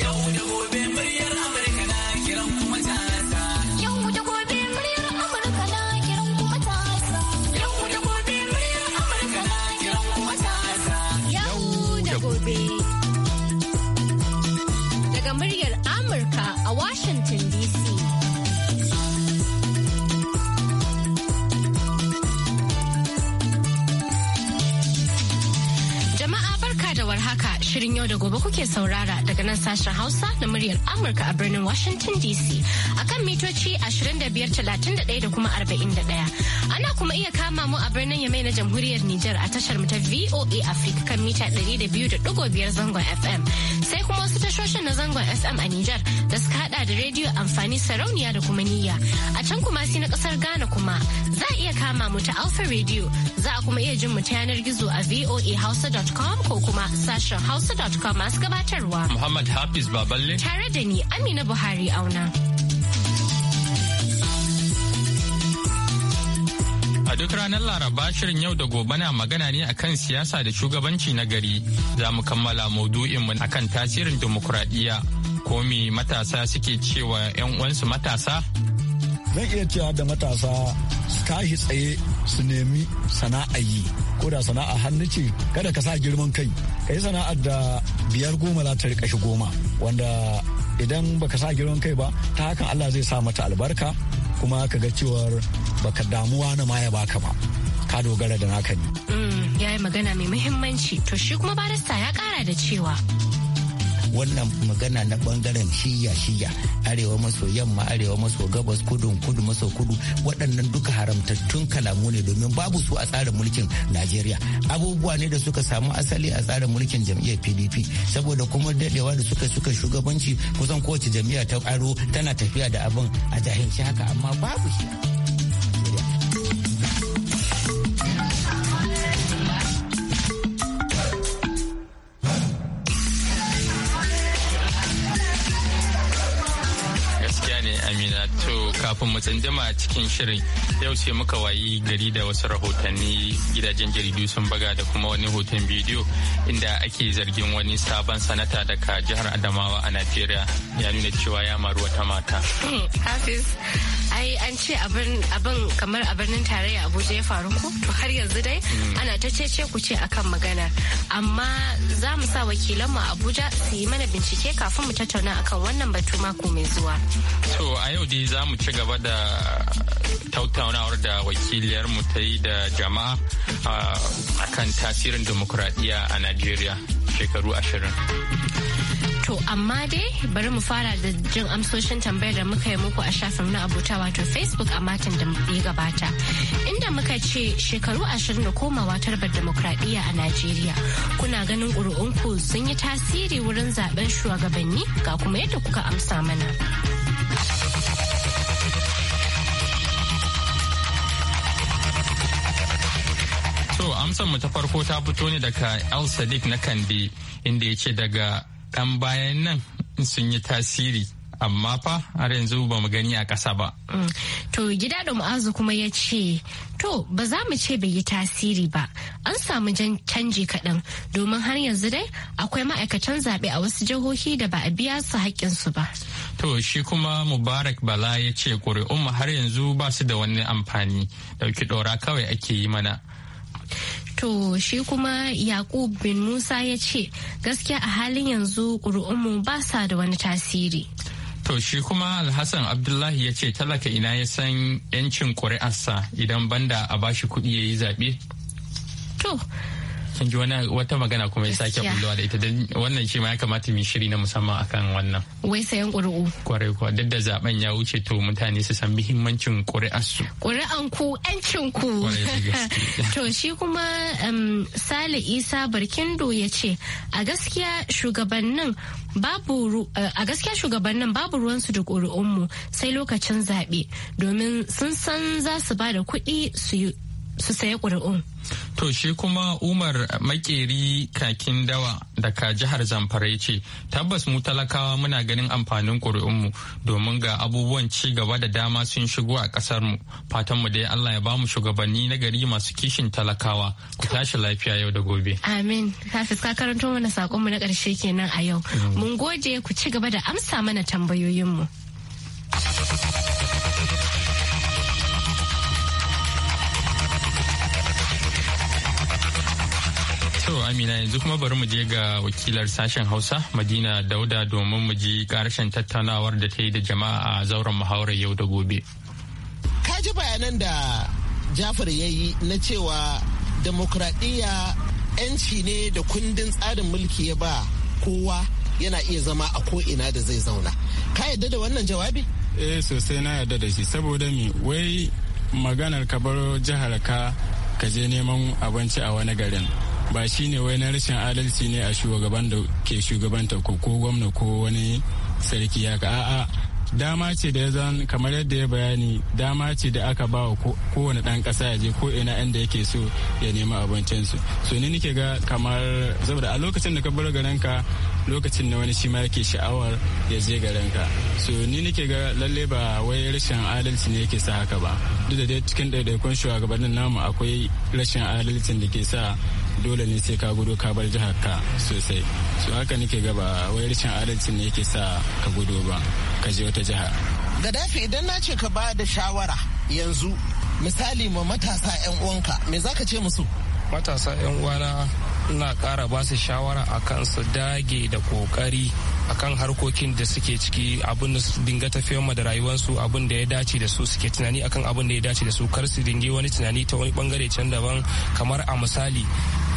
Yo, yo, gobe. da gobe kuke saurara daga nan sashen Hausa na muryar Amurka a birnin Washington DC akan mitoci 2531 da kuma 41. Ana kuma iya kama mu a birnin Yamai na Jamhuriyar Nijar a tashar mu ta VOA Africa kan mita 200.5 zangon FM. sai kuma wasu tashoshin na zangon s.m a Nijar da suka hada da rediyo amfani sarauniya da kuma niyya. A can kuma si na kasar Ghana kuma za a iya kama mu ta Alpha Radio za a kuma iya jin mu ta yanar gizo a voahausa.com ko kuma sashen hausa.com masu gabatarwa. Muhammad Hafiz Baballe. Tare da ni Amina Buhari auna. A duk ranar Laraba shirin yau da gobe na magana ne akan siyasa da shugabanci na gari. Za mu kammala maudu'inmu akan tasirin dimokuraɗiyya. Ko me matasa suke cewa 'yan uwansu matasa? Zan iya cewa da matasa su tashi tsaye su nemi sana'a yi. Ko da sana'a hannu ce kada ka sa girman kai. Ka yi sana'ar da biyar goma za ta rika shi goma. Wanda idan baka sa girman kai ba ta hakan Allah zai sa mata albarka kuma ka ga cewar baka damuwa na ma ya baka ba ka dogara da naka ne. Mm, ya yi magana mai muhimmanci to shi kuma barista ya kara da cewa wannan magana na bangaren shiya shiya arewa maso yamma arewa maso gabas kudu kudu maso kudu waɗannan duka haramtattun kalamu ne domin babu su a tsarin mulkin najeriya abubuwa ne da suka samu asali a tsarin mulkin jam'iyyar pdp saboda kuma dadewa da suka suka shugabanci kusan kowace jam'iyya ta aro tana tafiya da abin a jahilci haka amma babu shi mu a cikin shirin yau ce muka wayi gari da wasu rahotanni gidajen jaridu sun baga da kuma wani hoton bidiyo inda ake zargin wani sabon sanata daga jihar adamawa a najeriya ya nuna cewa ya maru wata mata hmm, ai an ce abin kamar a birnin tarayya abuja ya faru ko to har yanzu dai hmm. ana ta cece ku ce akan magana amma za mu sa wakilanmu abuja su yi mana bincike kafin mu tattauna akan wannan batu mako mai zuwa to a yau dai za mu ci gaba da tattaunawar da mu ta yi da jama'a ah, akan tasirin dimokuraɗiyya a najeriya shekaru ashirin. To amma dai bari mu fara da jin amsoshin tambayar da muka yi muku a shafin na abota wato Facebook a matan da ya gabata. Inda muka ce shekaru ashirin da komawa tarbar demokradiyya a Najeriya. Kuna ganin ƙuri'unku sun yi tasiri wurin zaben shugabanni ga kuma yadda kuka amsa mana. amsar mu ta farko ta fito ne daga El Sadiq na Kande inda ya ce daga ɗan bayan nan sun yi tasiri amma fa har yanzu ba mu gani a ƙasa ba. Mm. To gida da mu'azu kuma ya ce, to ba za mu ce bai yi tasiri ba, an samu jan canji kaɗan domin har yanzu dai akwai ma'aikatan zaɓe a wasu jihohi da ba a biya su haƙƙinsu ba. To shi kuma Mubarak Bala ya ce ƙuri'un mu har yanzu ba su da wani amfani, ɗauki ɗora kawai ake yi mana. To shi kuma Yakub bin Musa ya ce gaskiya a halin yanzu ƙuri'unmu ba sa da wani tasiri. To shi kuma Alhassan Abdullahi ya ce talaka ina ya san 'yancin ƙuri'arsa idan banda a bashi kuɗi ya yi zaɓe. To kin ji wani wata magana kuma ya sake bullowa da ita don wannan shi ma ya kamata mu shiri na musamman akan wannan wai sayan ƙuri'u kwarai kuwa duk da zaben ya wuce to mutane su san muhimmancin ƙuri'ar su ƙuri'an ku ƴancin ku to shi kuma um, Sale Isa Barkindo ya ce a gaskiya shugabannin babu eh, a gaskiya shugabannin babu ruwansu da ƙuri'unmu sai lokacin zaɓe domin sun san za su ba da kuɗi su saya ƙuri'un. To shi kuma Umar Makeri kakin dawa daga jihar Zamfara ya ce, tabbas mu talakawa muna ganin amfanin ƙuri'unmu domin ga abubuwan ci gaba da dama sun shigo a mu Fatanmu dai Allah ya bamu shugabanni na gari masu kishin talakawa. Ku tashi lafiya yau da gobe. Amin. Kafis ka karanto mana saƙonmu na ƙarshe kenan a yau. Mm. Mun gode ku ci gaba da amsa mana tambayoyinmu. Amina yanzu kuma bari mu je ga wakilar sashen Hausa Madina Dauda domin mu ji karshen tattaunawar da ta yi da jama'a a zauren muhawarar yau da gobe. Ka ji bayanan da Jafar ya yi na cewa demokradiyya 'yanci ne da kundin tsarin mulki ya ba kowa yana iya zama a ko'ina da zai zauna. Ka yarda da wannan jawabi? Eh sosai na yarda da shi saboda mi wai maganar ka baro jihar ka ka je neman abinci a wani garin. ba shi ne wai na rashin adalci ne a shugaban da ke shugabanta ko gwamna ko wani sarki ya a'a dama ce da ya zan kamar yadda ya bayani dama ce da aka ba wa kowane dan kasa ya je ko ina inda yake so ya nemi abincinsu so ni nike ga kamar saboda a lokacin da ka bar garinka lokacin da wani shi ma yake sha'awar ya je garinka so ni nike ga lalle ba wai rashin adalci ne yake sa haka ba duk da dai cikin ɗaiɗaikun shugabannin namu akwai rashin adalcin da ke sa dole ne sai ka gudu ka bar jihar ka sosai su haka nake gaba wai rashin adalci ne yake sa ka gudu ba ka je wata jiha gadafi idan na ce ka ba da shawara yanzu misali ma matasa 'yan uwanka me za ka ce musu matasa 'yan uwana ina ƙara ba su shawara a kan su dage da kokari a kan harkokin da suke ciki abin da su dinga tafiyar ma da rayuwarsu abin da ya dace da su suke tunani akan abin da ya dace da su kar su dinge wani tunani ta wani bangare can daban kamar a misali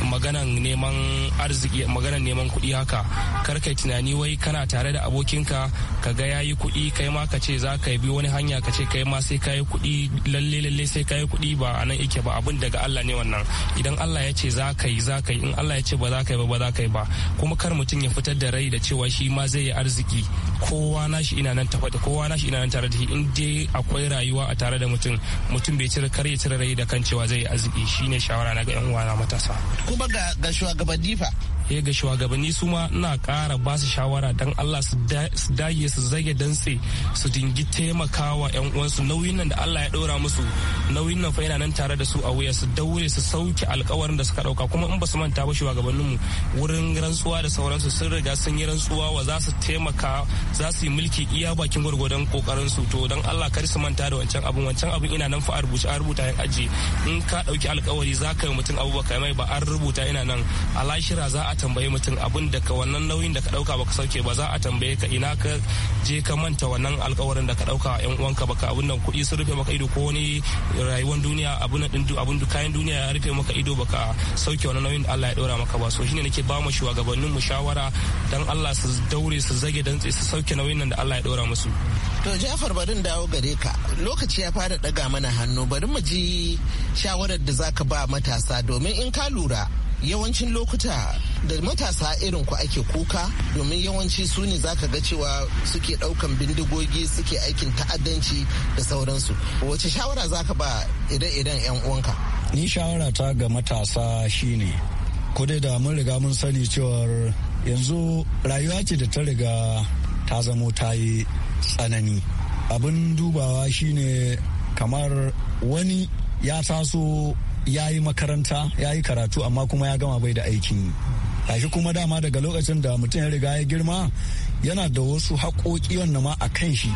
maganan neman arziki maganan neman kuɗi haka kar kai tunani wai kana tare da abokinka ka ga yayi kuɗi kai ma ka ce za ka bi wani hanya ka ce kai ma sai ka yi kuɗi lalle lalle sai ka yi kuɗi ba a nan ike ba abin daga Allah ne wannan idan Allah ya ce za ka yi za ka yi in Allah ya ce ba za ka yi ba ba za ka yi ba kuma kar mutum ya fitar da rai da cewa shi ma zai yi arziki kowa nashi ina nan tafa kowa nashi ina nan tare da shi in dai akwai rayuwa a tare da mutum mutum bai cire kar ya cire rai da kan cewa zai arziki shine shawara na ga yan uwa na matasa kuma ga shugaban difa ya ga shugabanni su ma ina ƙara ba su shawara don Allah su dage su zage dantse su dingi taimakawa 'yan uwansu nauyin nan da Allah ya ɗora musu nauyin nan fa yana nan tare da su a wuya su daure su sauke alkawarin da suka ɗauka kuma in ba su manta ba mu wurin rantsuwa da sauransu sun riga sun yi rantsuwa wa za su taimaka za su yi mulki iya bakin gwargwadon kokarin su to don Allah kar su manta da wancan abun wancan abun ina nan fa a rubuce a rubuta aji in ka ɗauki alkawari za ka yi mutum abubakar mai ba an rubuta ina nan a lashira za a a tambayi mutum abin da ka wannan nauyin da ka dauka baka sauke ba za a tambaye ka ina ka je ka manta wannan alkawarin da ka dauka yan uwanka baka abin nan kuɗi sun rufe maka ido ko wani rayuwar duniya abin din abin kayan duniya ya rufe maka ido baka sauke wannan nauyin da Allah ya dora maka ba so shine nake ba mu shugabannin mu shawara dan Allah su daure su zage dantse su sauke nauyin nan da Allah ya dora musu to Jafar barin dawo gare ka lokaci ya fara daga mana hannu bari mu ji shawarar da zaka ba matasa domin in ka lura yawancin lokuta da matasa irin ku ake kuka domin yawanci su ne zaka ga cewa suke daukan bindigogi suke aikin ta'addanci da sauransu wace shawara zaka ba idan-idan 'yan uwanka ni shawara ta ga matasa shine kudai da mun riga mun sani cewar yanzu rayuwa ce da ta riga ta zamo ta yi tsanani abin dubawa shine kamar wani ya taso ya yi makaranta ya yi karatu amma kuma ya gama bai da aikin yi kuma dama daga lokacin da mutum ya riga ya girma yana da wasu haƙoƙi wanda ma a kan shi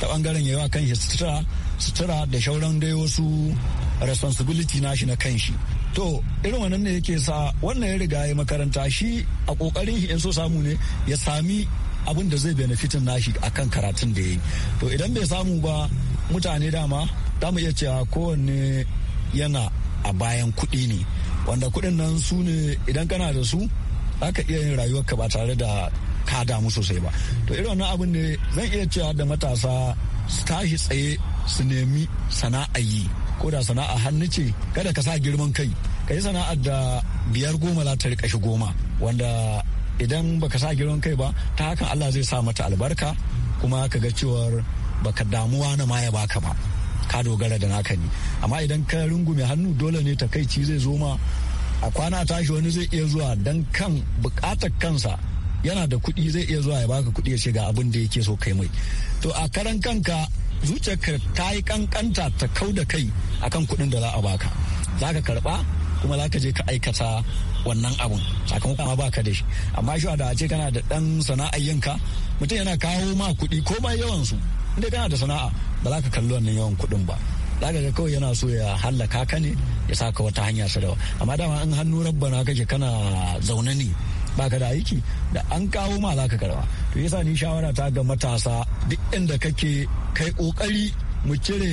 ta ɓangaren yawa kan shi sutura sutura da shauran dai wasu responsibility nashi na kan shi to irin wannan ne yake sa wannan ya riga ya makaranta shi a ƙoƙarin shi in so samu ne ya sami abin da zai benefitin nashi a kan karatun da ya yi to idan bai samu ba mutane dama za mu iya cewa kowanne yana a bayan kuɗi ne wanda kuɗin nan su ne idan kana da su aka iya yin rayuwarka ba tare da ka damu sosai ba to irin wannan abin ne zan iya cewa da matasa su tashi tsaye su nemi sana'a yi ko da sana'a hannu ce kada ka sa girman kai ka yi sana'ar da biyar goma za ta rika shi goma wanda idan baka sa girman kai ba ta hakan Allah zai sa mata albarka kuma ka ga cewar baka damuwa na ma ya baka ba ka dogara da naka ne amma idan ka rungume hannu dole ne takaici zai zo ma a kwana tashi wani zai iya zuwa dan kan bukatar kansa yana da kuɗi zai iya zuwa ya baka kuɗi ya ce ga abin da yake so kai mai to a karan kanka zuciyarka ta yi kankanta ta kau da kai akan kuɗin da za a baka za ka karɓa kuma za ka je ka aikata wannan abun sakamakon ma baka da shi amma shi da ce kana da ɗan sana'ar yanka mutum yana kawo ma kuɗi ko ma yawansu inda kana da sana'a ba za ka kalli wannan yawan kuɗin ba za ka ga kawai yana so ya hallaka ka ne ya saka wata hanya su dawa amma dama in hannu rabbana kake kana zaune ne baka da aiki da an kawo ma za ka karba to yasa ni shawara ta ga matasa duk inda kake kai kokari mu cire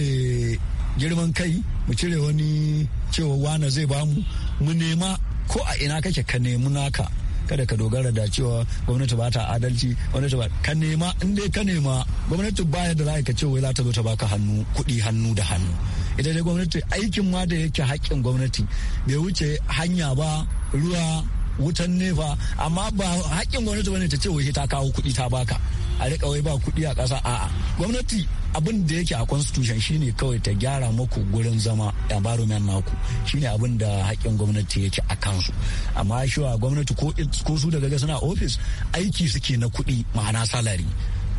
girman kai mu cire wani cewa wane zai bamu mu nema ko a ina kake ka nemi naka kada ka dogara da cewa gwamnati ba ta adalci gwamnati ba ka nema in dai ka nema gwamnati baya da za ka ce wai za ta zo ta baka hannu kuɗi hannu da hannu ita dai gwamnati aikin ma da yake haƙƙin gwamnati bai wuce hanya ba ruwa wutan nefa amma ba haƙƙin gwamnati bane ta ce wai ta kawo kuɗi ta baka a riƙa wai ba kuɗi a ƙasa a'a gwamnati abin da yake a constitution shine kawai ta gyara maku gurin zama environment naku shine abin da haƙƙin gwamnati yake a kansu amma shiwa gwamnati ko su daga suna office aiki suke na kuɗi ma'ana salari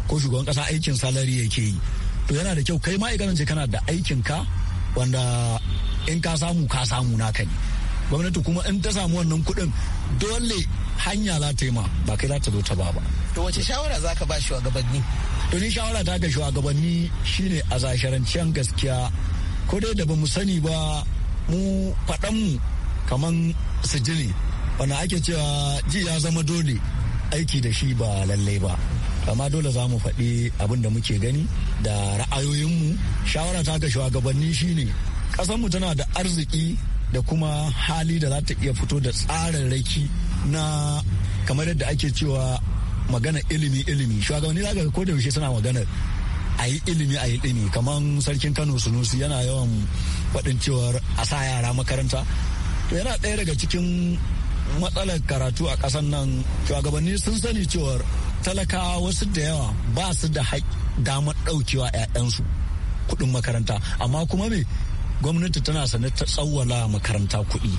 ko shugaban ƙasa aikin salari yake yi to yana da kyau kai ma'aikatan ce kana da aikin ka wanda in ka samu ka samu naka ne gwamnati kuma in ta samu wannan kuɗin dole hanya za ta yi ma ba kai za ta zo ta ba ba. To wace shawara za ka ba shugabanni? To ni shawara ta ga shugabanni shine a zasharancen gaskiya ko dai da ba mu sani ba mu faɗan mu kaman sijili wanda ake cewa ji ya zama dole aiki da shi ba lallai ba. amma dole za mu faɗi abin da muke gani da ra'ayoyinmu shawara ta ga shugabanni shine ƙasarmu tana da arziki da kuma hali da za ta iya fito da raki na kamar yadda ake cewa magana ilimi ilimi shugabanni za ga ko suna magana a yi ilimi a yi ilimi kamar sarkin kano sunusi yana yawan faɗin cewar a sa yara makaranta to yana ɗaya daga cikin matsalar karatu a ƙasar nan shugabanni sun sani cewar talakawa wasu da yawa ba su da damar ɗaukewa 'ya'yansu kuɗin makaranta amma kuma me gwamnati tana sane ta tsawwala makaranta kuɗi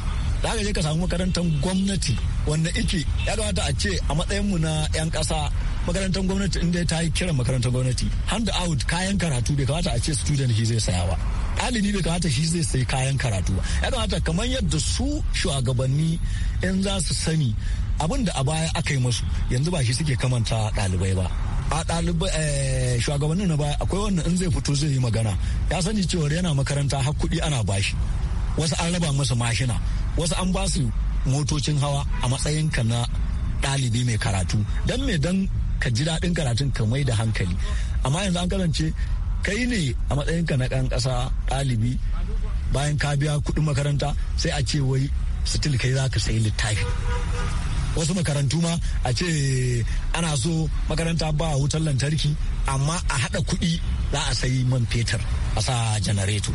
za ka je ka samu makarantar gwamnati wanda ike ya kamata a ce a matsayinmu na 'yan ƙasa makarantar gwamnati inda ta yi kiran makarantar gwamnati hand out kayan karatu bai kamata a ce student shi zai saya ba ɗalibi bai kamata shi zai sayi kayan karatu ba ya kamata kamar yadda su shugabanni in za su sani abin da a baya aka yi masu yanzu ba shi suke kamanta ɗalibai ba a ɗalibai eh, shugabannin na baya akwai wanda in zai fito zai yi magana ya sani cewar yana makaranta har kuɗi ana bashi wasu an raba masa mashina wasu an basu motocin hawa a matsayin ka na ɗalibi mai karatu don me dan ka ji daɗin karatun ka mai da hankali amma yanzu an kasance kai ne a matsayin ka na ɗan ƙasa ɗalibi bayan ka biya kuɗin makaranta sai a ce wai sitil kai za ka sayi littafi wasu makarantu ma a ce ana so makaranta ba wutar lantarki amma a haɗa kuɗi za a sayi man fetur a sa janareto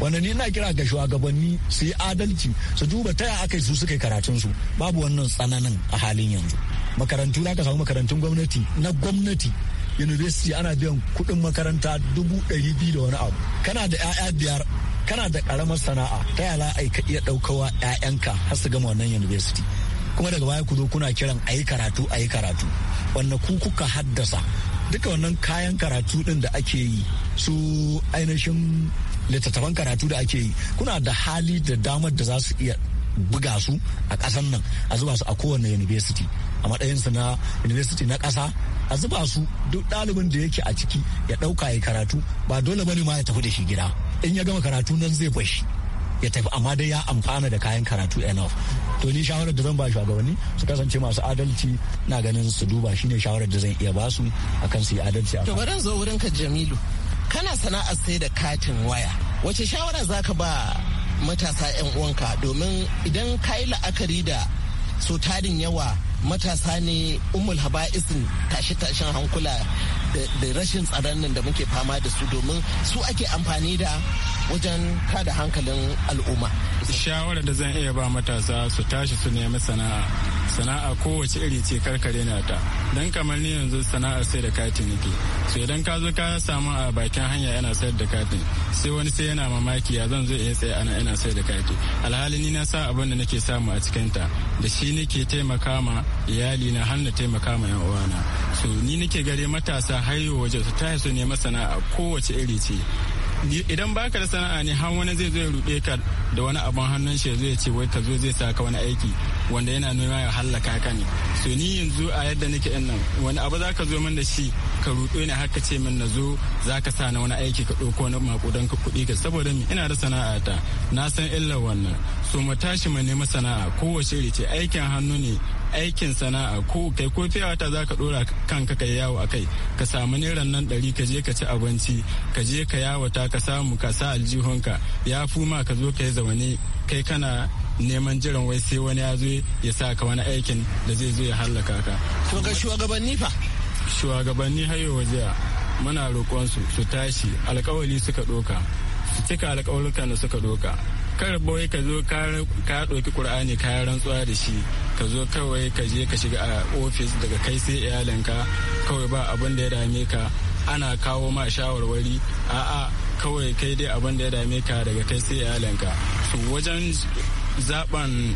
wanda ni na kira ga shugabanni su yi adalci su duba ta aka su suka yi karatunsu babu wannan tsananin a halin yanzu makarantu za ka samu makarantun gwamnati na gwamnati university ana biyan kuɗin makaranta dubu ɗari biyu da wani abu kana da 'ya'ya biyar kana da karamar sana'a ta yala aika ka iya ɗaukawa 'ya'yanka har su gama wannan university kuma daga baya ku zo kuna kiran a yi karatu a yi karatu wanda ku kuka haddasa duka wannan kayan karatu din da ake yi su ainihin littattafan karatu da ake yi kuna da hali da damar da za su iya buga su a ƙasan nan a zuba su a kowane university a matsayinsu na university na ƙasa a zuba su duk ɗalibin da yake a ciki ya ɗauka ya karatu ba dole bane ma ya tafi da shi gida in ya gama karatu nan zai bashi ya tafi amma dai ya amfana da kayan karatu enough to ni shawarar da zan ba shugabanni su kasance masu adalci na ganin su duba shine shawarar da zan iya ba su akan su yi adalci a to bari zo wurin ka Jamilu kana sana'ar sai da katin waya wace shawara za ka ba matasa yan uwanka domin idan ka la'akari da so tarin yawa matasa ne umul haba'isin tashe-tashen hankula da rashin tsaron nan da muke fama da su domin su ake amfani da wajen kada hankalin al'umma shawarar da zan iya ba matasa su tashi su nemi sana'a sana'a kowace iri ce karkare na ta don kamar ni yanzu sana'a sai da katin nake so idan ka zo ka samu a bakin hanya yana sayar da katin sai wani sai yana mamaki ya zan zo iya tsaye ana yana sayar da katin alhali ni na sa abin da nake samu a cikin ta da shi nake taimaka ma iyali na har na taimaka ma yan uwana so ni nake gare matasa har waje su tashi su nemi sana'a kowace iri ce idan baka da sana'a ne har wani zai zo ya ruɗe ka da wani abin hannun shi zai ce wai ka zo zai saka wani aiki wanda yana nuna ya hallaka ka ne so ni yanzu a yadda nake in nan wani abu za ka zo min da shi ka ruɗe ni har ka ce min na zo za ka sa na wani aiki ka ɗauko na makudan ka kuɗi ka saboda mi ina da sana'a ta na san illar wannan so mu tashi mu nemi sana'a kowace ce aikin hannu ne aikin sana'a ko kai ko za ka ɗora kanka ka yawo a kai ka samu naira nan ɗari ka je ka ci abinci ka je ka yawata ka samu ka sa aljihunka ya fu ma ka zo ka yi zaune kai kana neman jiran wai sai wani ya zo ya sa ka wani aikin da zai zo ya hallaka ka. To ka shugabanni fa? Shugabanni hayo wajiya muna roƙonsu su tashi alkawali suka ɗoka cika alkawalikan da suka doka. kar boye ka zo ka ɗauki ƙur'ani ka rantsuwa da shi ka zo kawai ka je ka shiga a ofis daga kai sai iyalinka kawai ba abin da ya dame ka ana kawo ma shawarwari a'a kawai kai dai abin da ya dame ka daga kai sai iyalinka su wajen zaben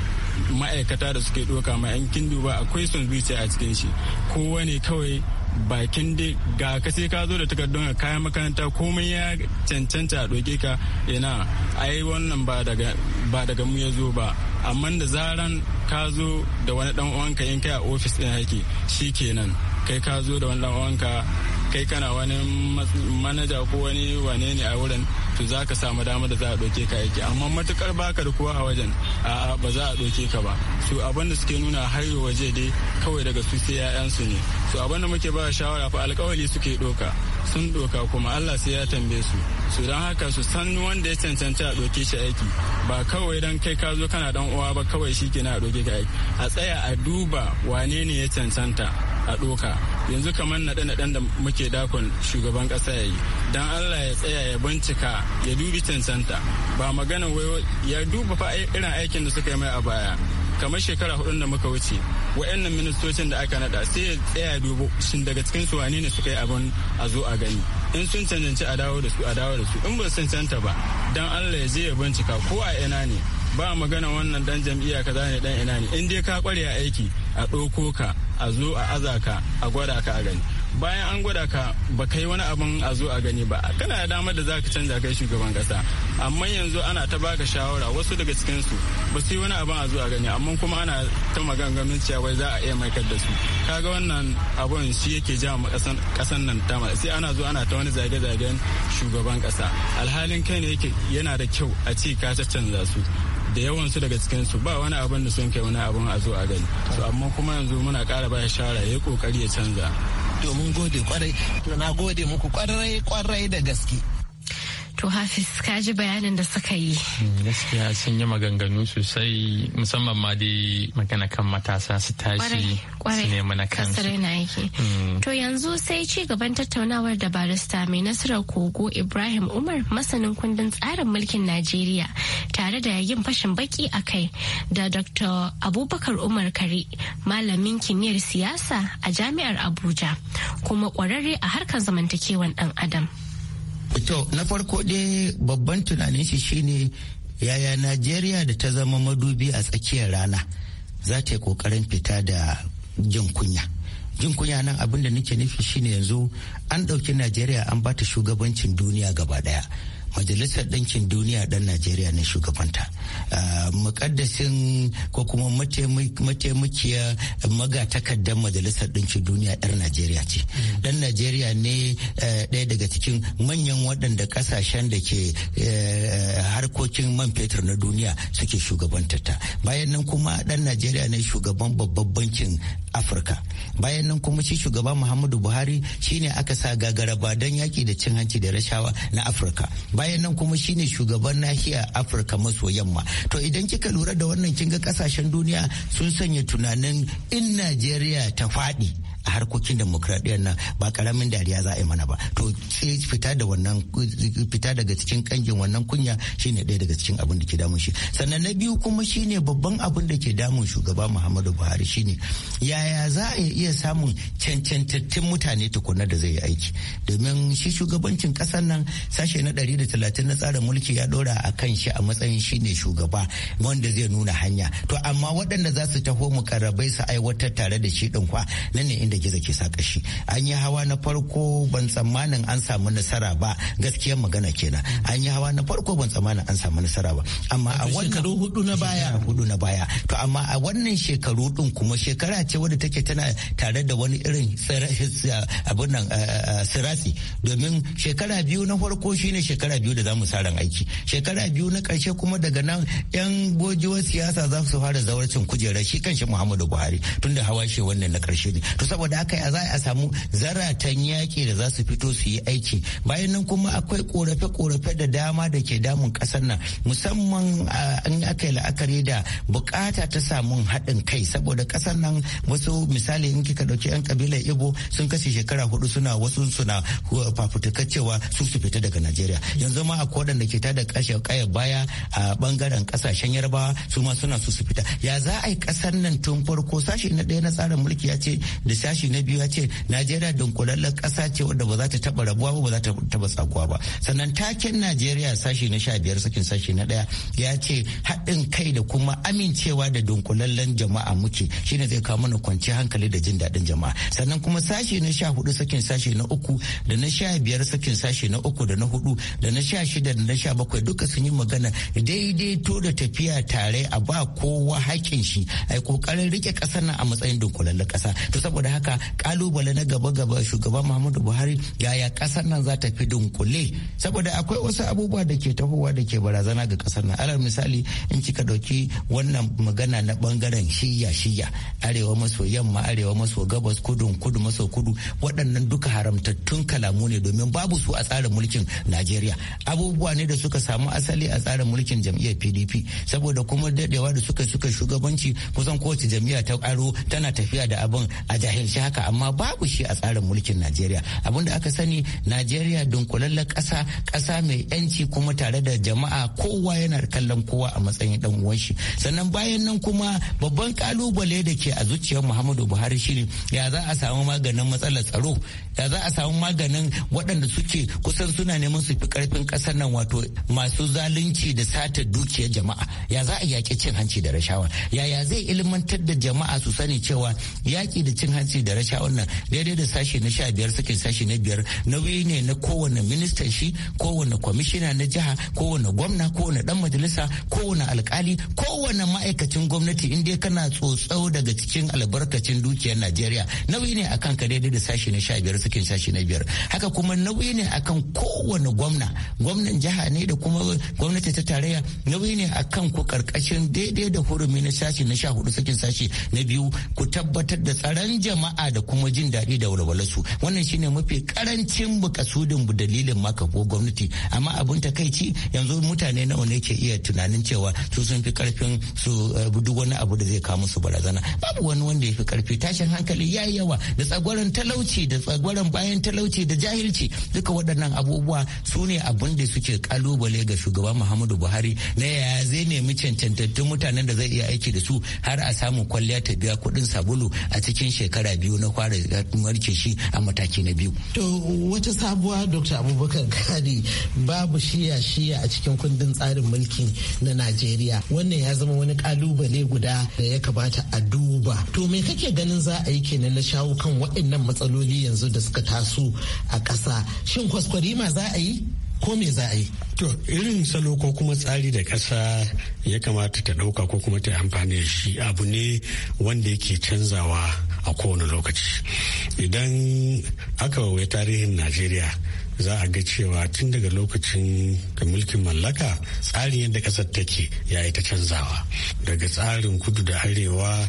ma'aikata da suke ɗoka ma kin duba akwai son zuciya a cikin shi kowa ne kawai bakin dai ga ka sai ka zo da takardun kayan makaranta komai ya cancanta a doke ka ina ai wannan ba daga ba daga mu ya zo ba amma da zaran ka zo da wani dan uwanka in kai a ofis ɗin hake kenan kai ka zo da wani dan uwanka kai kana wani manaja ko wani wane ne a wurin to za ka samu dama da za a ɗauke ka aiki amma matukar baka da kowa a wajen a'a ba za a ɗauke ka ba su abin da suke nuna har waje dai kawai daga su sai 'ya'yansu ne su abin da muke ba shawara fa alkawali suke ɗauka sun ɗoka kuma Allah sai ya tambaye su su don haka su san wanda ya cancanci a ɗauke shi aiki ba kawai dan kai ka zo kana dan uwa ba kawai shi ke na ɗauke ka aiki a tsaya a duba wane ne ya cancanta a doka yanzu kamar naɗe dan da muke dakon shugaban kasa ya yi don allah ya tsaya ya bincika ya dubi cancanta ba magana wai ya duba fa irin aikin da suka yi mai a baya kamar shekara hudun da muka wuce wa'annan ministocin da aka nada sai ya tsaya dubo shin daga cikin su wani ne suka yi abin a zo a gani in sun cancanci a dawo da su a dawo da su in ba su cancanta ba don Allah ya je ya bincika ko a ina ne ba magana wannan dan jam'iyya kaza ne dan ina ne in dai ka kware a aiki a ɗauko ka a zo a aza ka a gwada ka a gani bayan an gwada ka ba ka yi wani abin a zo a gani ba kana da damar da za ka canza kai shugaban kasa amma yanzu ana ta baka shawara wasu daga cikinsu ba su yi wani abin a zo a gani amma kuma ana ta maganganun cewa za a iya maikar da su kaga wannan abin shi yake ja ma kasan nan ta sai ana zo ana ta wani zage-zagen shugaban kasa alhalin kai ne yake yana da kyau a ce ka canza su da yawan su daga cikin su ba wani abin da sun kai wani abin a zo a gani so amma kuma yanzu muna kara ba shara ya kokari ya canza domin gode kwarai to na gode muku kwarai kwarai da gaske To Hafiz kaji bayanin da suka yi. Hmm, gaskiya sun yi maganganu sosai musamman ma dai magana kan matasa su tashi su nema na kansu. Hmm. To yanzu sai ci gaban tattaunawar da barista mai nasarar kogo Ibrahim Umar masanin kundin tsarin mulkin Najeriya tare da yin fashin baki a kai da Dr. Abubakar Umar Kare malamin kimiyyar siyasa a jami'ar Abuja kuma kwararre a harkar zamantakewan ɗan Adam. To na farko dai babban tunanin shi shine yaya Najeriya da ta zama madubi a tsakiyar rana za ta yi kokarin fita da jin kunya. Jin kunya nan abin da nake nufi shine yanzu an ɗauki Najeriya an bata shugabancin duniya gaba ɗaya. majalisar ɗinkin duniya ɗan najeriya ne shugabanta mukaddasin ko kuma mataimakiya magatakardar majalisar ɗinkin duniya ɗan najeriya ce ɗan najeriya ne ɗaya daga cikin manyan waɗanda ƙasashen da ke harkokin man fetur na duniya suke shugabanta ta bayan nan kuma ɗan najeriya ne shugaban babban bankin afirka bayan nan kuma shi shugaba muhammadu buhari shine aka sa gagaraba don yaƙi da cin hanci da rashawa na afirka bayan nan kuma shine shugaban nahiyar afirka maso yamma to idan kika lura da wannan kin ga kasashen duniya sun sanya tunanin in najeriya ta faɗi a harkokin demokradiyyar nan ba karamin dariya za a yi mana ba to fita da wannan fita daga cikin kangin wannan kunya shine ɗaya daga cikin abin da ke damun shi sannan na biyu kuma shine babban abin da ke damun shugaba muhammadu buhari shine yaya za a iya samun cancantattun mutane tukuna da zai yi aiki domin shi shugabancin ƙasar nan sashe na ɗari da talatin na tsarin mulki ya ɗora a kan shi a matsayin shine shugaba wanda zai nuna hanya to amma waɗanda za su taho mu mukarrabai su aiwatar tare da shi ɗin kwa nan ne inda da gizo ke sa kashi an yi hawa na farko ban tsammanin an samu nasara ba gaskiyar magana kenan an yi hawa na farko ban tsammanin an samu nasara ba amma a wannan hudu na baya hudu na baya to amma a wannan shekaru din kuma shekara ce wadda take tana tare da wani irin abin nan eh, eh, sirasi domin shekara biyu na farko shine shekara biyu da zamu sa ran aiki shekara biyu na karshe kuma daga nan yan gojiwar siyasa za su fara zawarcin kujerar shi kanshi Muhammadu Buhari tunda hawa shi wannan na karshe ne to saboda saboda haka a za a samu zaratan yaƙi da za su fito su yi aiki bayan nan kuma akwai korafe-korafe da dama da ke damun ƙasar nan musamman an aka yi la'akari da bukata ta samun haɗin kai saboda ƙasar nan wasu misali in kika ɗauki 'yan kabilar ibo sun kashe shekara hudu suna wasu suna fafutuka cewa su su fita daga najeriya yanzu ma akwai waɗanda ke tada ƙashe ƙaya baya a ɓangaren ƙasashen yarbawa su ma suna su su fita ya za a yi ƙasar nan tun farko sashi na ɗaya na tsarin mulki ya ce da sashi na biyu ya ce najeriya dunkulallen kasa ce wadda ba za ta taɓa rabuwa ba ba za ta taba tsakuwa ba sannan taken najeriya sashi na sha biyar sakin sashi na ɗaya ya ce haɗin kai da kuma amincewa da dunkulallen jama'a muke shine zai kawo mana kwanci hankali da jin daɗin jama'a sannan kuma sashi na sha hudu sakin sashi na uku da na sha biyar sakin sashi na uku da na hudu da na sha shida da na sha bakwai duka sun yi magana daidaito da tafiya tare a ba kowa haƙƙin shi ai kokarin rike ƙasar nan a matsayin dunkulallen ƙasa to saboda haka kalubale na gaba-gaba shugaban muhammadu buhari yaya kasar nan za ta fi dunkule saboda akwai wasu abubuwa da ke tahowa da ke barazana ga kasar nan alal misali in kika dauki wannan magana na bangaren shiya shiya arewa maso yamma arewa maso gabas kudu kudu maso kudu waɗannan duka haramtattun kalamu ne domin babu su a tsarin mulkin najeriya abubuwa ne da suka samu asali a tsarin mulkin jam'iyyar pdp saboda kuma dadewa da suka suka shugabanci kusan kowace jam'iyya ta karo tana tafiya da abin a jahil cancanci haka amma babu shi a tsarin mulkin najeriya da aka sani najeriya dunkulallen ƙasa ƙasa mai yanci kuma tare da jama'a kowa yana kallon kowa a matsayin dan uwan shi sannan bayan nan kuma babban kalubale da ke a zuciyar muhammadu buhari shine ya za a samu maganin matsalar tsaro ya za a samu maganin waɗanda suke kusan suna neman su fi karfin ƙasar nan wato masu zalunci da sata dukiyar jama'a ya za a yaƙi cin hanci da rashawa yaya zai ilmantar da jama'a su sani cewa yaƙi da cin hanci hanci da rasha wannan daidai da sashi na sha biyar suke sashi na biyar nauyi ne na kowane ministan shi kowane kwamishina na jiha kowane gwamna kowane dan majalisa kowane alkali kowane ma'aikacin gwamnati in dai kana tsotsau daga cikin albarkacin dukiyar najeriya nauyi ne akan ka daidai da sashi na sha biyar suke sashi na biyar haka kuma nauyi ne akan kowane gwamna gwamnan jiha ne da kuma gwamnati ta tarayya nauyi ne akan ku karkashin daidai da hurumi na sashi na sha hudu suke sashi na biyu ku tabbatar da tsaron jama'a jama'a da kuma jin daɗi da walwalarsu wannan shine mafi karancin bukasudin dalilin maka ko gwamnati amma abin takaici yanzu mutane nawa ne ke iya tunanin cewa su sun fi karfin su eh, duk wani abu da zai kawo musu barazana babu wani wanda ya fi karfi tashin hankali ya yawa da tsagwaron talauci da tsagwaron bayan talauci da jahilci duka waɗannan abubuwa su ne abin da suke kalubale ga shugaba muhammadu buhari na yaya zai nemi cancantattun mutanen da zai iya aiki da su har a samu kwalliya ta biya kuɗin sabulu a cikin shekara biyu na fara warke shi a mataki na biyu. To wata sabuwa Dr. Abubakar Kari babu shiya shiya a cikin kundin tsarin mulki na Najeriya. Wannan ya zama wani kalubale guda da ya kamata a duba. To me kake ganin za a yi kenan na shawo kan waɗannan matsaloli yanzu da suka taso a ƙasa? Shin kwaskwarima za a yi? ko me za a yi? To irin salo ko kuma tsari da ƙasa ya kamata ta ɗauka ko kuma ta amfani da shi abu ne wanda yake canzawa a kowane lokaci idan aka wawai tarihin najeriya za a ga cewa tun daga lokacin da mulkin mallaka tsarin yadda ƙasar take ya yi ta canzawa daga tsarin kudu da arewa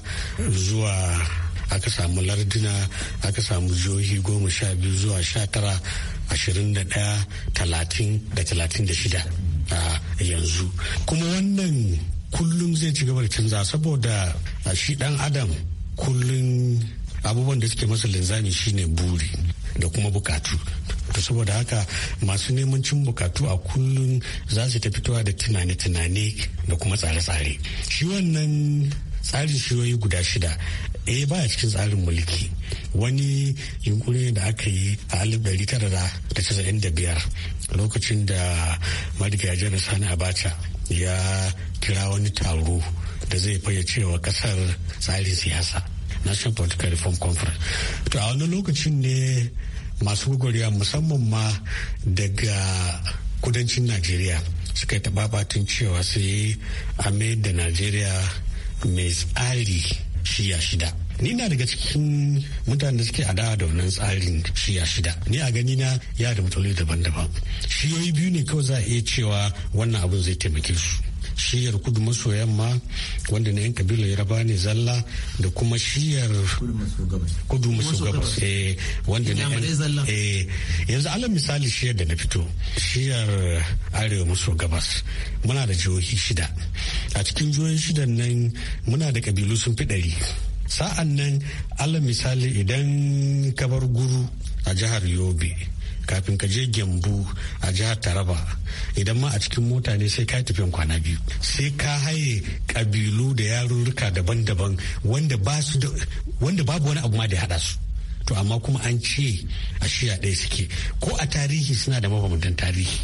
zuwa aka samu lardina aka samu jihohi goma sha biyu zuwa sha tara ashirin da daya talatin da talatin da shida a yanzu kuma wannan kullum zai ci gaba da canza saboda shi dan adam kullum abubuwan da suke masa linzami shine buri da kuma bukatu to saboda haka masu neman cin bukatu a kullum za su ta fitowa da tunane-tunane da kuma tsare-tsare shi wannan tsarin shiyoyi guda shida e eh, ba a cikin tsarin mulki wani yunkuri da aka yi a alif dari tara da casa'in da biyar lokacin da marigajen sani abacha ya kira wani taro da zai wa kasar tsarin siyasa national political reform conference to a wani lokacin ne masu gwagwarya musamman ma daga kudancin najeriya suka yi tababatin cewa sai a da najeriya mai tsari shiya shida ni na daga cikin mutane da suke adawa da wannan tsarin shiya shida ni a gani na ya da matsaloli daban-daban shiyoyi biyu ne kawai za a iya cewa wannan abun zai taimake su shiyar kudu maso yamma wanda na 'yan kabilar yaraba ne zalla da kuma shiyar kudu maso gabas eh, wanda na eh, yanzu alam misali shiyar da na fito shiyar arewa maso gabas muna da jihohi shida a cikin jihohi shidan nan muna da kabilu sun fi ɗari sa'an nan alam misali idan kabar guru a jihar yobe kafin ka je gyambu a jihar taraba idan ma a cikin mota ne sai ka tafiyan kwana biyu sai ka haye kabilu da yarurruka daban-daban wanda babu wani abu ma da ya haɗa su to amma kuma an ce a shiya ɗaya suke ko a tarihi suna da mabambantan tarihi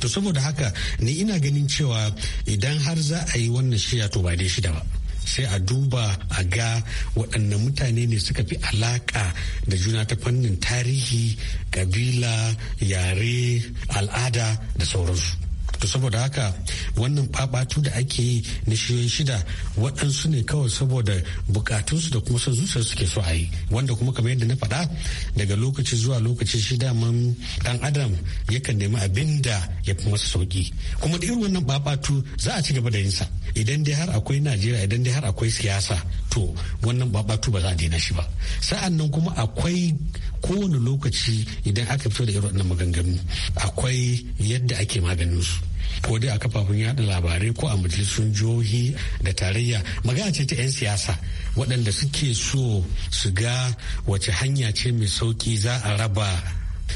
to saboda haka ni ina ganin cewa idan har za a yi wannan shiya to ba dai shida ba sai a duba a ga waɗanne mutane ne suka fi alaƙa da juna ta fannin tarihi ƙabila yare al'ada da sauransu to saboda haka wannan babatu da ake yi na shiyoyi shida waɗansu ne kawai saboda bukatunsu da kuma son zuciyar suke so a yi wanda kuma kamar yadda na faɗa daga lokaci zuwa lokaci shida man dan adam yakan nemi abin da ya fi masa sauki kuma da irin wannan babatu za a ci gaba da yin sa idan dai har akwai najeriya idan dai har akwai siyasa to wannan babatu ba za a daina shi ba sa'an nan kuma akwai kowane lokaci idan aka fito da irin wannan maganganu akwai yadda ake maganin su ko dai a kafafun yada labarai ko a majalisun jihohi da tarayya magana ce ta 'yan siyasa waɗanda suke so su ga wace hanya ce mai sauki za a raba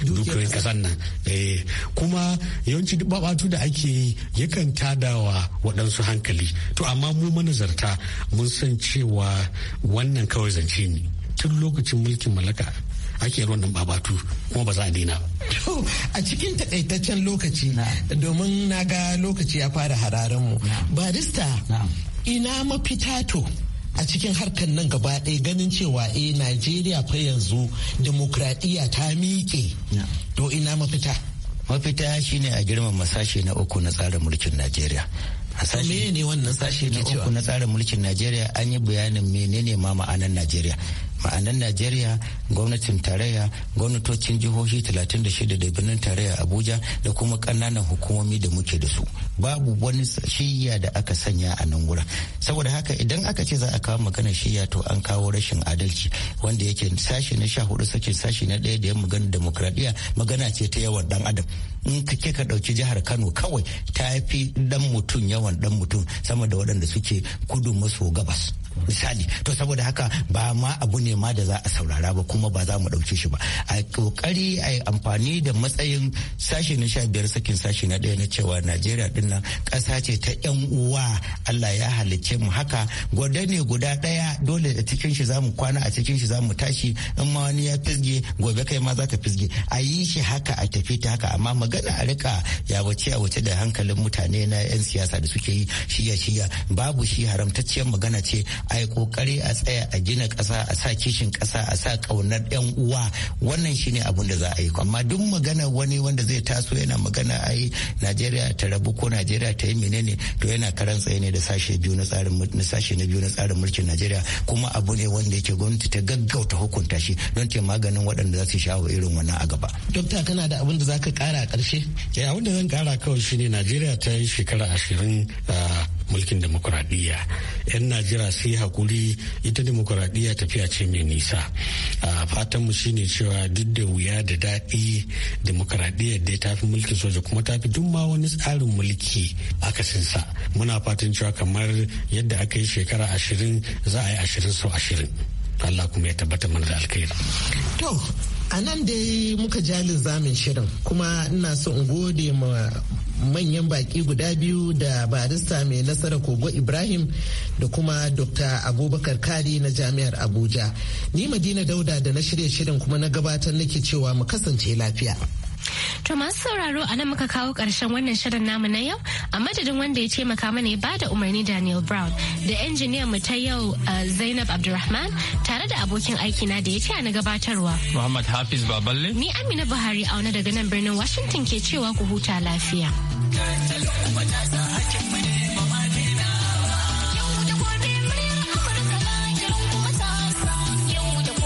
dukiyoyin kasar nan eh, kuma yawanci duk babatu da ake yi yakan wa waɗansu hankali to amma mu manazarta mun san cewa wannan kawai zance ne tun lokacin mulkin mallaka ake wannan babatu kuma ba za a daina a cikin taɗaitaccen lokaci domin na ga lokaci ya fara hararen mu barista ina mafita to a cikin harkar nan gaba ɗaya ganin cewa eh Najeriya fa yanzu demokradiyya ta miƙe to ina mafita mafita shine a girmama sashe na uku na tsarin mulkin Najeriya A ne wannan sashe na uku na tsarin mulkin Najeriya an yi bayanin menene ma ma'anar Najeriya ma'anan najeriya gwamnatin tarayya gwamnatocin jihohi 36 da birnin tarayya abuja da kuma ƙananan hukumomi da muke da su babu wani shiya da aka sanya a nan wurin saboda haka idan aka ce za a kawo magana shiya to an kawo rashin adalci wanda yake sashi na sha hudu sashi na ɗaya da ya magana demokradiyya magana ce ta yawan dan adam in ka ke ka ɗauki jihar kano kawai ta fi dan mutum yawan dan mutum sama da waɗanda suke kudu maso gabas misali to saboda haka ba ma abu ne ma da za a saurara ba kuma ba za mu ɗauke shi ba a kokari a amfani da matsayin sashi na sha biyar sakin sashi na ɗaya na cewa najeriya nan ƙasa ce ta yan uwa Allah ya halicce mu haka gwada ne guda ɗaya dole a cikin shi zamu kwana a cikin shi zamu tashi in ma wani ya fisge gobe kai ma zaka fisge a yi shi haka a tafi ta haka amma magana a rika ya wace a wace da hankalin mutane na yan siyasa da suke yi shiya shiya babu shi haramtacciyar magana ce a yi kokari a tsaya a gina ƙasa a sa kishin ƙasa a sa ƙaunar yan uwa wannan shine abun da za a yi amma duk magana wani wanda zai taso yana magana a yi Najeriya ta rabu ko najeriya ta yi menene to yana karan tsaye ne da sashe biyu na tsarin na sashe na biyu na tsarin mulkin najeriya kuma abu ne wanda yake gwamnati ta gaggauta hukunta shi don ta maganin waɗanda za su shawo irin wannan a gaba. dokta kana da abin da za ka kara a ƙarshe. ya eh, abin da zan kara kawai shi ne najeriya ta yi shekara ashirin ah, mulkin demokuraɗiyya 'yan najeriya su yi hakuri ita demokuraɗiyya tafiya ce mai nisa a fatanmu shine cewa duk da wuya da daɗi demokuraɗiyya da ta fi mulkin soja kuma tafi fi duk ma wani tsarin mulki aka sinsa muna fatan cewa kamar yadda aka yi shekara ashirin za a yi ashirin sau ashirin Allah kuma ya tabbata mana da alkhairi. To, a nan dai muka jalin zamin shirin kuma ina so in gode ma manyan baki guda biyu da barista mai nasara kogo ibrahim da kuma dr abubakar kari na jami'ar abuja ni madina dauda da na shirya shirin kuma na gabatar nake cewa mu kasance lafiya To masu sauraro a nan muka kawo ƙarshen wannan shirin namu na yau a madadin wanda ya taimaka mana ya bada umarni Daniel Brown da injiniyan mu ta yau uh, Zainab Abdulrahman tare da abokin aiki na da ya a na gabatarwa. Muhammad Hafiz Baballe. Ni Amina Buhari auna daga nan birnin Washington ke cewa ku huta lafiya.